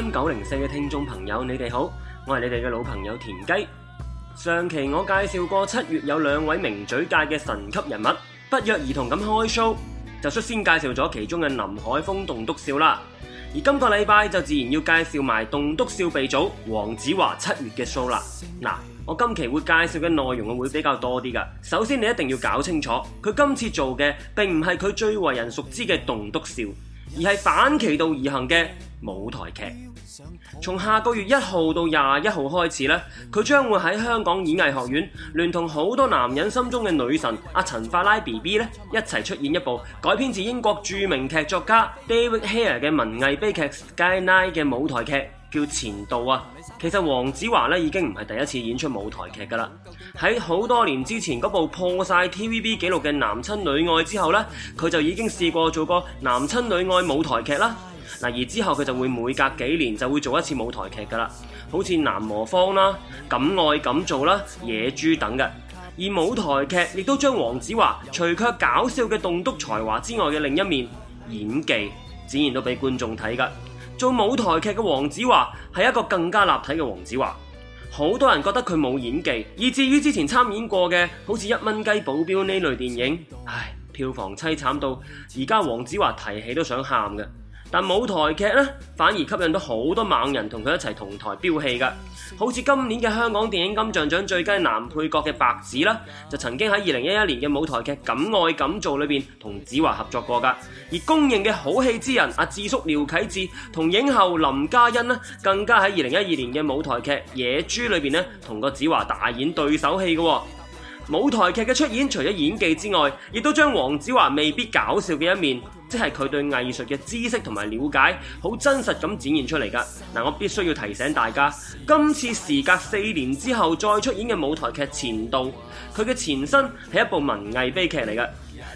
M 九零四嘅聽眾朋友，你哋好，我係你哋嘅老朋友田雞。上期我介紹過七月有兩位名嘴界嘅神級人物，不約而同咁開 show，就率先介紹咗其中嘅林海峰棟篤笑啦。而今個禮拜就自然要介紹埋棟篤笑鼻祖黃子華七月嘅 show 啦。嗱，我今期會介紹嘅內容會比較多啲㗎。首先你一定要搞清楚，佢今次做嘅並唔係佢最為人熟知嘅棟篤笑。而係反其道而行嘅舞台劇，從下個月一號到廿一號開始呢，佢將會喺香港演藝學院聯同好多男人心中嘅女神阿陳法拉 B B 呢，一齊出演一部改編自英國著名劇作家 David Hare 嘅文藝悲劇《Skylight》嘅舞台劇。叫前度啊！其實黃子華咧已經唔係第一次演出舞台劇㗎喇，喺好多年之前嗰部破晒 TVB 紀錄嘅《男親女愛》之後咧，佢就已經試過做過《男親女愛》舞台劇啦。嗱，而之後佢就會每隔幾年就會做一次舞台劇㗎喇，好似《男魔方》啦、《敢愛敢做》啦、《野豬》等嘅。而舞台劇亦都將黃子華除卻搞笑嘅棟篤才華之外嘅另一面演技展現到俾觀眾睇㗎。做舞台劇嘅黃子華係一個更加立體嘅黃子華，好多人覺得佢冇演技，以至於之前參演過嘅好似一蚊雞保鏢呢類電影，唉，票房淒慘到，而家黃子華提起都想喊嘅。但舞台劇咧，反而吸引到好多猛人同佢一齊同台飆戲噶，好似今年嘅香港電影金像獎最佳男配角嘅白只啦，就曾經喺二零一一年嘅舞台劇《敢愛敢做》裏邊同子華合作過噶。而公認嘅好戲之人阿智叔廖啟智同影后林嘉欣呢，更加喺二零一二年嘅舞台劇《野豬》裏邊呢，同個子華大演對手戲嘅。舞台劇嘅出演除咗演技之外，亦都將黃子華未必搞笑嘅一面。即係佢對藝術嘅知識同埋了解，好真實咁展現出嚟噶。嗱，我必須要提醒大家，今次時隔四年之後再出演嘅舞台劇《前度》，佢嘅前身係一部文藝悲劇嚟噶。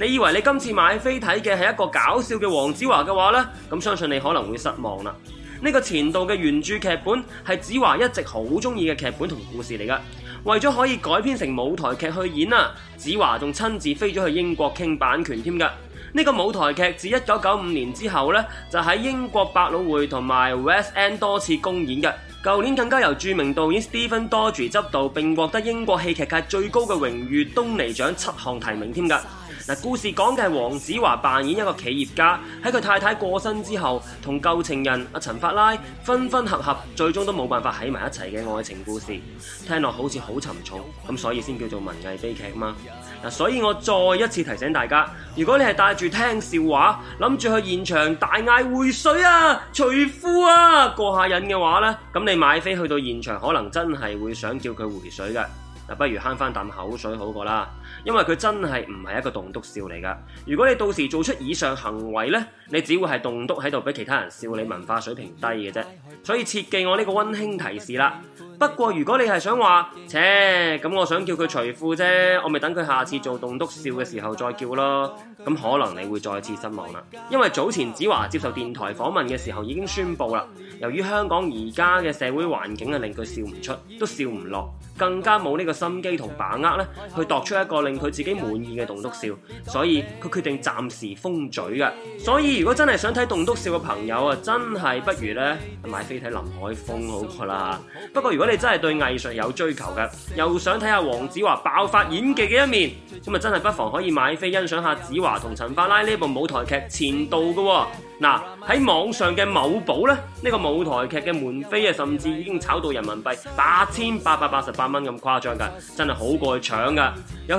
你以為你今次買飛睇嘅係一個搞笑嘅黃子華嘅話呢？咁相信你可能會失望啦。呢個《前度》嘅原著劇本係子華一直好中意嘅劇本同故事嚟噶。為咗可以改編成舞台劇去演啊，子華仲親自飛咗去英國傾版權添噶。呢個舞台劇自一九九五年之後呢就喺英國百老匯同埋 West End 多次公演嘅。舊年更加由著名導演 Stephen Daldry 執導，並獲得英國戲劇界最高嘅榮譽東尼獎七項提名添㗎。嗱，故事講嘅係黃子華扮演一個企業家喺佢太太過身之後，同舊情人阿陳法拉分分合合，最終都冇辦法喺埋一齊嘅愛情故事，聽落好似好沉重，咁所以先叫做文藝悲劇嘛。嗱，所以我再一次提醒大家，如果你係帶住聽笑話，諗住去現場大嗌回水啊、除褲啊過下癮嘅話咧，咁你買飛去到現場，可能真係會想叫佢回水嘅，嗱，不如慳翻啖口水好過啦。因為佢真係唔係一個棟篤笑嚟噶，如果你到時做出以上行為呢，你只會係棟篤喺度俾其他人笑你文化水平低嘅啫。所以切記我呢個溫馨提示啦。不過如果你係想話，切，咁我想叫佢除褲啫，我咪等佢下次做棟篤笑嘅時候再叫咯。咁可能你會再次失望啦，因為早前子華接受電台訪問嘅時候已經宣佈啦，由於香港而家嘅社會環境啊令佢笑唔出，都笑唔落，更加冇呢個心機同把握咧去度出一個。令佢自己滿意嘅棟篤笑，所以佢決定暫時封嘴噶。所以如果真係想睇棟篤笑嘅朋友啊，真係不如咧買飛睇林海峰好過啦。不過如果你真係對藝術有追求嘅，又想睇下黃子華爆發演技嘅一面，咁啊真係不妨可以買飛欣賞下子華同陳法拉呢部舞台劇前度噶喎。嗱，喺網上嘅某寶咧，呢個舞台劇嘅門飛啊，甚至已經炒到人民幣八千八百八十八蚊咁誇張噶，真係好過去搶噶，有